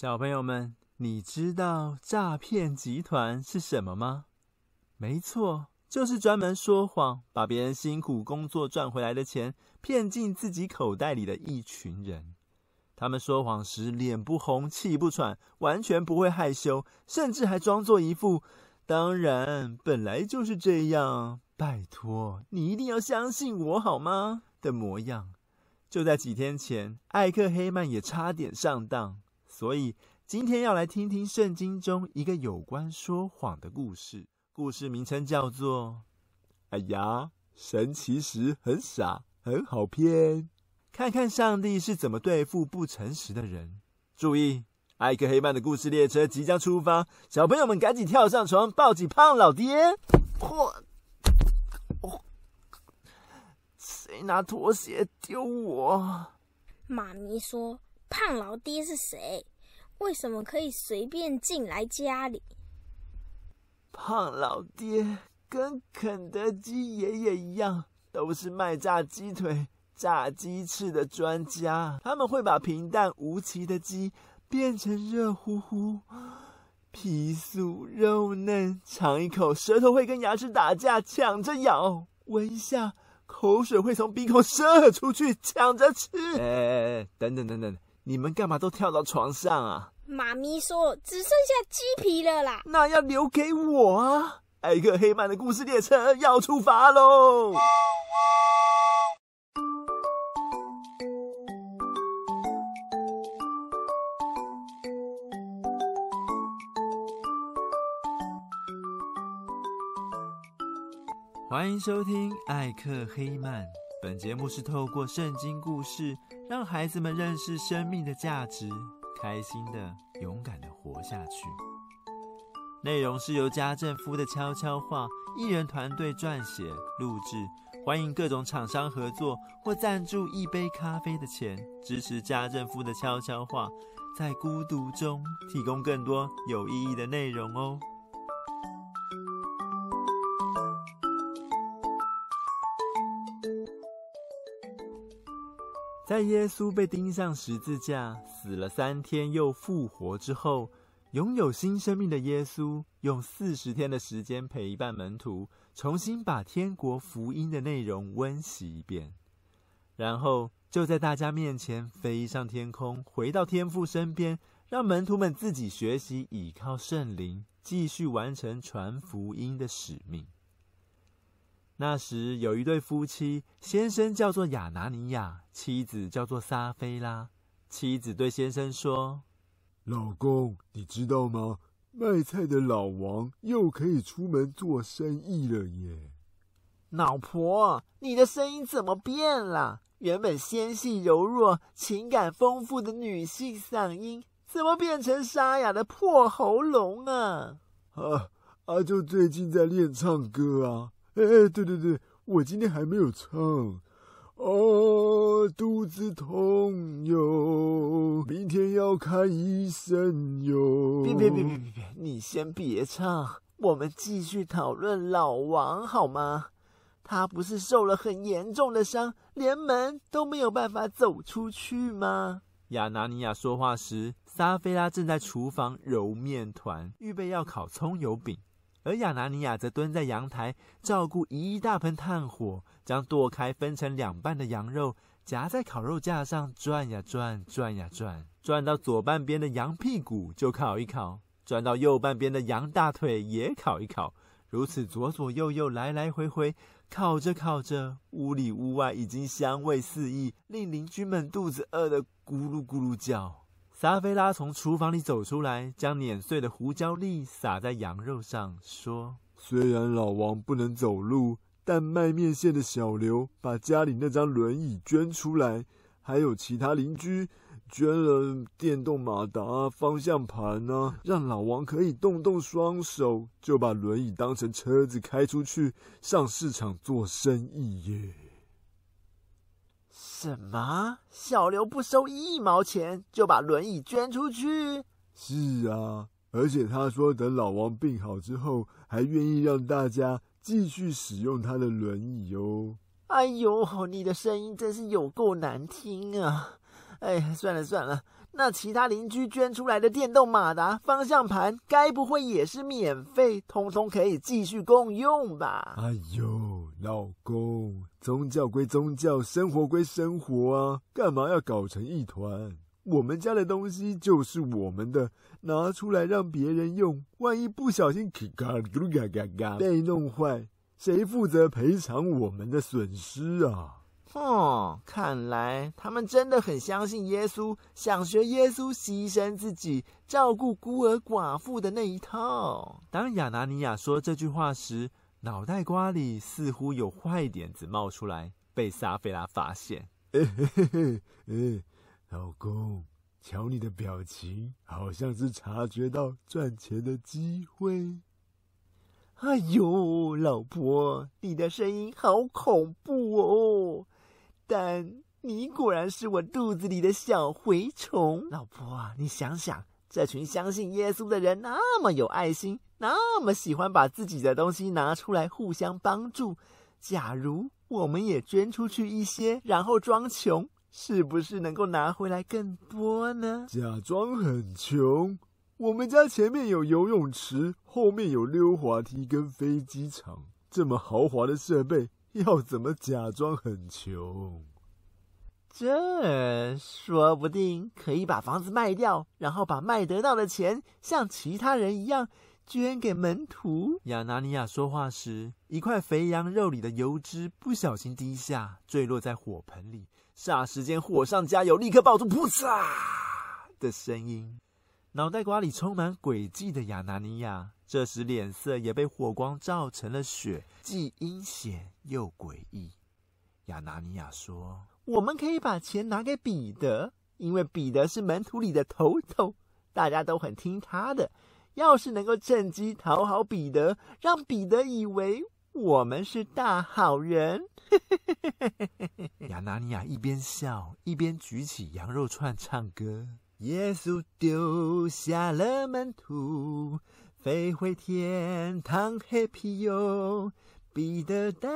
小朋友們，你知道詐騙集團是什麼嗎？沒錯，就是專門說謊，把別人辛苦工作賺回來的錢騙進自己口袋裡的一群人。他們說謊時臉不紅、氣不喘，完全不會害羞，甚至還裝作一副“當然，本來就是這樣，拜託，你一定要相信我好嗎？”的模樣。就在幾天前，艾克·黑曼也差點上當。所以今天要來聽聽聖經中一個有關說謊的故事。故事名稱叫做《哎呀，神其實很傻，很好騙》，看看上帝是怎麼對付不誠實的人。注意，艾克黑曼的故事列車即將出發，小朋友們趕緊跳上床，抱起胖老爹。嚯、哦哦！誰拿拖鞋丟我？媽咪說：“胖老爹是誰？”為什麼可以隨便進來家裡？胖老爹跟肯德基爺爺一樣，都是賣炸雞腿、炸雞翅的專家。他們會把平淡無奇的雞變成熱乎乎、皮酥肉嫩，嘗一口舌頭會跟牙齒打架，搶着咬；聞一下口水會從鼻孔射出去，搶着吃。哎哎哎！等等等等，你們幹嘛都跳到床上啊？媽咪說只剩下雞皮了啦，那要留給我啊！艾克黑曼的故事列車要出發嘍！歡迎收聽艾克黑曼，本節目是透過聖經故事，讓孩子們認識生命的價值。開心的，勇敢的活下去。內容是由家政夫的悄悄話藝人團隊撰寫、錄製，歡迎各種廠商合作或贊助一杯咖啡的錢，支持家政夫的悄悄話，在孤獨中提供更多有意義的內容哦。在耶穌被釘上十字架、死了三天又復活之後，擁有新生命的耶穌用四十天的時間陪伴門徒，重新把天國福音的內容溫習一遍，然後就在大家面前飛上天空，回到天父身邊，讓門徒們自己學習、倚靠聖靈，繼續完成傳福音的使命。那時有一對夫妻，先生叫做亞拿尼亞，妻子叫做撒菲拉。妻子對先生說：“老公，你知道嗎？賣菜的老王又可以出門做生意了耶。”老婆，你的聲音怎麼變了？原本纖細柔弱、情感豐富的女性嗓音，怎麼變成沙啞的破喉嚨呢啊？啊，阿就最近在練唱歌啊。哎、欸，對對對，我今天還沒有唱，哦，肚子痛喲，明天要看醫生喲。別別別別別別，你先別唱，我們繼續討論老王好嗎？他不是受了很嚴重的傷，連門都沒有辦法走出去嗎？亞拿尼亞說話時，撒非拉正在廚房揉麵團，預備要烤蔥油餅。而亞拿尼亞則蹲在陽台，照顧一大盆炭火，將剁開分成兩半的羊肉夾在烤肉架上轉呀轉，轉呀轉，轉到左半邊的羊屁股就烤一烤，轉到右半邊的羊大腿也烤一烤。如此左左右右，來來回回，烤着烤着，屋裡屋外已經香味四溢，令鄰居們肚子餓得咕嚕咕嚕咕嚕叫。沙菲拉從廚房裡走出來，將碾碎的胡椒粒撒在羊肉上，說：“雖然老王不能走路，但賣麵線的小劉把家裡那張輪椅捐出來，還有其他鄰居捐了電動馬達啊，方向盤呢啊，讓老王可以動動雙手，就把輪椅當成車子開出去上市場做生意耶。”什麼？小劉不收一毛錢就把輪椅捐出去？是啊，而且他說等老王病好之後，還願意讓大家繼續使用他的輪椅哦。哎呦，你的聲音真是有夠難聽啊。哎，算了算了。那其他鄰居捐出來的電動馬達、方向盤，該不會也是免費，通通可以繼續共用吧？哎呦，老公，宗教歸宗教，生活歸生活啊，幹嘛要搞成一團？我們家的東西就是我們的，拿出來讓別人用，萬一不小心，嘎嘎嘎嘎嘎，被弄壞，誰負責賠償我們的損失啊？哼、哦，看來他們真的很相信耶穌，想學耶穌犧牲自己、照顧孤兒寡婦的那一套。當亞拿尼亞說這句話時，腦袋瓜裡似乎有壞點子冒出來，被撒菲拉發現。哎、嘿嘿嘿、哎，老公，瞧你的表情，好像是察覺到賺錢的機會。哎呦，老婆，你的聲音好恐怖哦！但你果然是我肚子裡的小蛔蟲。老婆啊，你想想，這群相信耶穌的人那麼有愛心，那麼喜歡把自己的東西拿出來互相幫助，假如我們也捐出去一些，然後裝窮，是不是能夠拿回來更多呢？假裝很窮？我們家前面有游泳池，後面有溜滑梯跟飛機場，這麼豪華的設備。要怎麼假裝很窮？這說不定可以把房子賣掉，然後把賣得到的錢像其他人一樣捐給門徒。亞拿尼亞說話時，一塊肥羊肉裡的油脂不小心滴下，墜落在火盆裡，霎時間火上加油，立刻爆出“噗呲啊”的聲音。腦袋瓜裡充滿詭計的亞拿尼亞。這時，臉色也被火光照成了血，既陰險又詭異。亞拿尼亞說：“我們可以把錢拿給彼得，因為彼得是門徒裡的頭頭，大家都很聽他的。要是能夠趁機討好彼得，讓彼得以為我們是大好人。 ”亞拿尼亞一邊笑一邊舉起羊肉串唱歌：“耶穌丟下了門徒。”飛回天堂，Happy 喲！彼得帶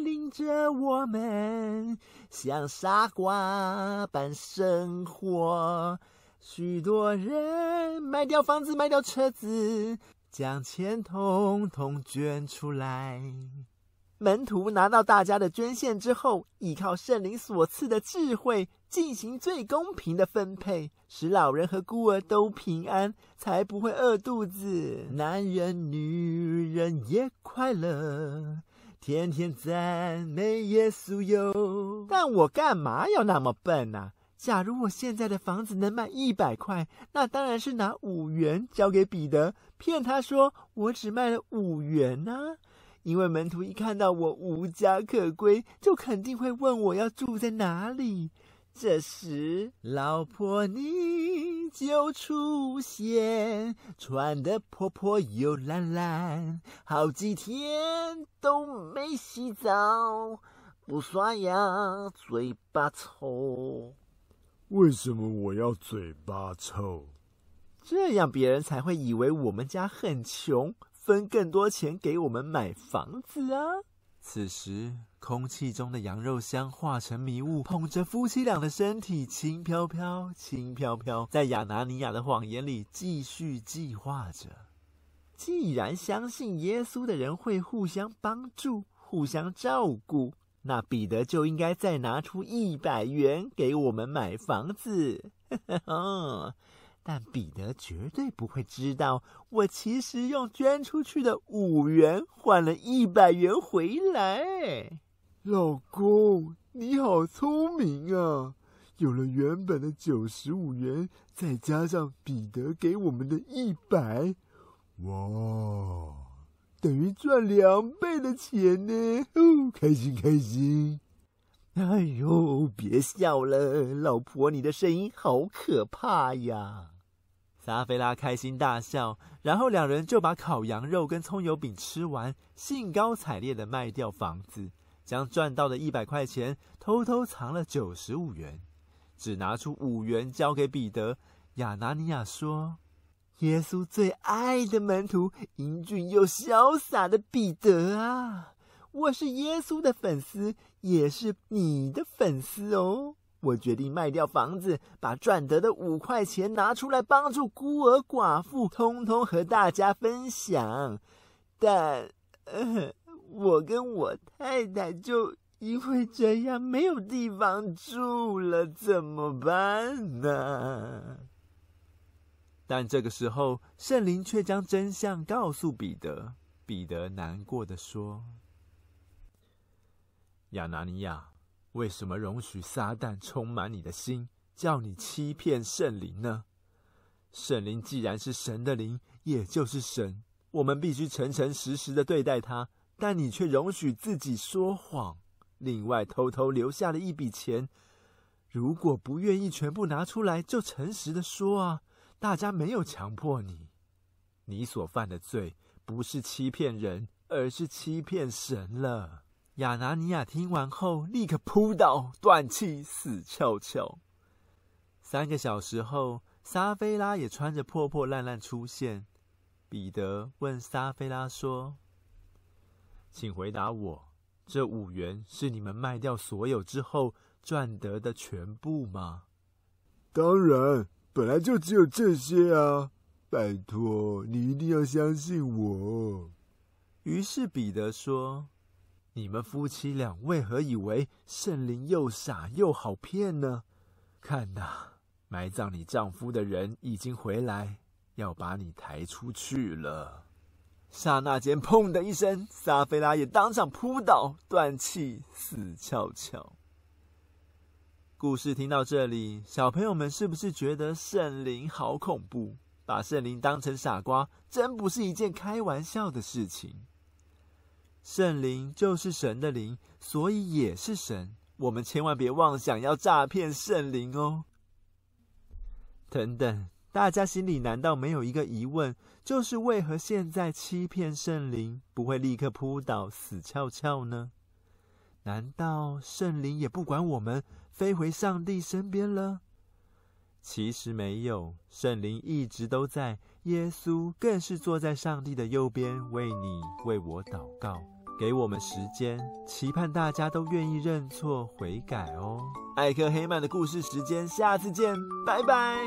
領着我們像傻瓜般生活，許多人賣掉房子，賣掉車子，將錢統統捐出來。門徒拿到大家的捐獻之後，依靠聖靈所賜的智慧，進行最公平的分配，使老人和孤兒都平安，才不會餓肚子。男人、女人也快樂，天天讚美耶穌喲。但我干嘛要那麼笨呢、啊？假如我現在的房子能賣一百塊，那當然是拿五元交給彼得，騙他說我只賣了五元呢、啊。因為門徒一看到我無家可歸，就肯定會問我要住在哪裡。這時，老婆你就出現，穿的破破又爛爛，好幾天都沒洗澡，不刷牙，嘴巴臭。為什麼我要嘴巴臭？這樣別人才會以為我們家很窮。分更多錢給我們買房子啊！此時，空氣中的羊肉香化成迷霧，捧着夫妻倆的身體，輕飄飄，輕飄飄，在亞拿尼亞的謊言裡繼續計划着。既然相信耶穌的人會互相幫助、互相照顧，那彼得就應該再拿出一百元給我們買房子。 但彼得絕對不會知道，我其實用捐出去的五元換了一百元回來。老公，你好聰明啊！有了原本的九十五元，再加上彼得給我們的一百，哇，等於賺兩倍的錢呢！哦，開心開心！哎呦，別笑了，老婆，你的聲音好可怕呀！撒菲拉開心大笑，然後兩人就把烤羊肉跟蔥油餅吃完，興高采烈地賣掉房子，將賺到的一百塊錢偷偷藏了九十五元，只拿出五元交給彼得。亞拿尼亞說：“耶穌最愛的門徒，英俊又瀟灑的彼得啊！我是耶穌的粉絲，也是你的粉絲哦。”我決定賣掉房子，把賺得的五塊錢拿出來幫助孤兒寡婦，通通和大家分享。但、呃，我跟我太太就因為這樣沒有地方住了，怎麼辦呢？但這個時候，聖靈卻將真相告訴彼得。彼得難過的說：“亞拿尼亞。”為什麼容許撒旦充滿你的心，叫你欺騙聖靈呢？聖靈既然是神的靈，也就是神。我們必須誠誠實實的對待他，但你卻容許自己說謊。另外，偷偷留下了一筆錢，如果不願意全部拿出來，就誠實的說啊！大家沒有強迫你。你所犯的罪，不是欺騙人，而是欺騙神了。亞拿尼亞聽完後，立刻撲倒，斷氣，死翹翹。三個小時後，撒菲拉也穿着破破爛爛出現。彼得問撒菲拉說：“請回答我，這五元是你們賣掉所有之後賺得的全部嗎？”“當然，本來就只有這些啊！拜託，你一定要相信我。”於是彼得說，你們夫妻倆為何以為聖靈又傻又好騙呢？看哪，埋葬你丈夫的人已經回來，要把你抬出去了。剎那間，砰的一聲，撒菲拉也當場撲倒，斷氣死翹翹。故事聽到這裡，小朋友們是不是覺得聖靈好恐怖？把聖靈當成傻瓜，真不是一件開玩笑的事情。聖靈就是神的靈，所以也是神。我們千萬別妄想要詐騙聖靈哦。等等，大家心裡難道沒有一個疑問，就是為何現在欺騙聖靈不會立刻撲倒死翹翹呢？難道聖靈也不管我們，飛回上帝身邊了？其實沒有，聖靈一直都在。耶穌更是坐在上帝的右邊，為你，為我禱告。給我們時間，期盼大家都願意認錯悔改哦。艾克黑曼的故事時間，下次見，拜拜。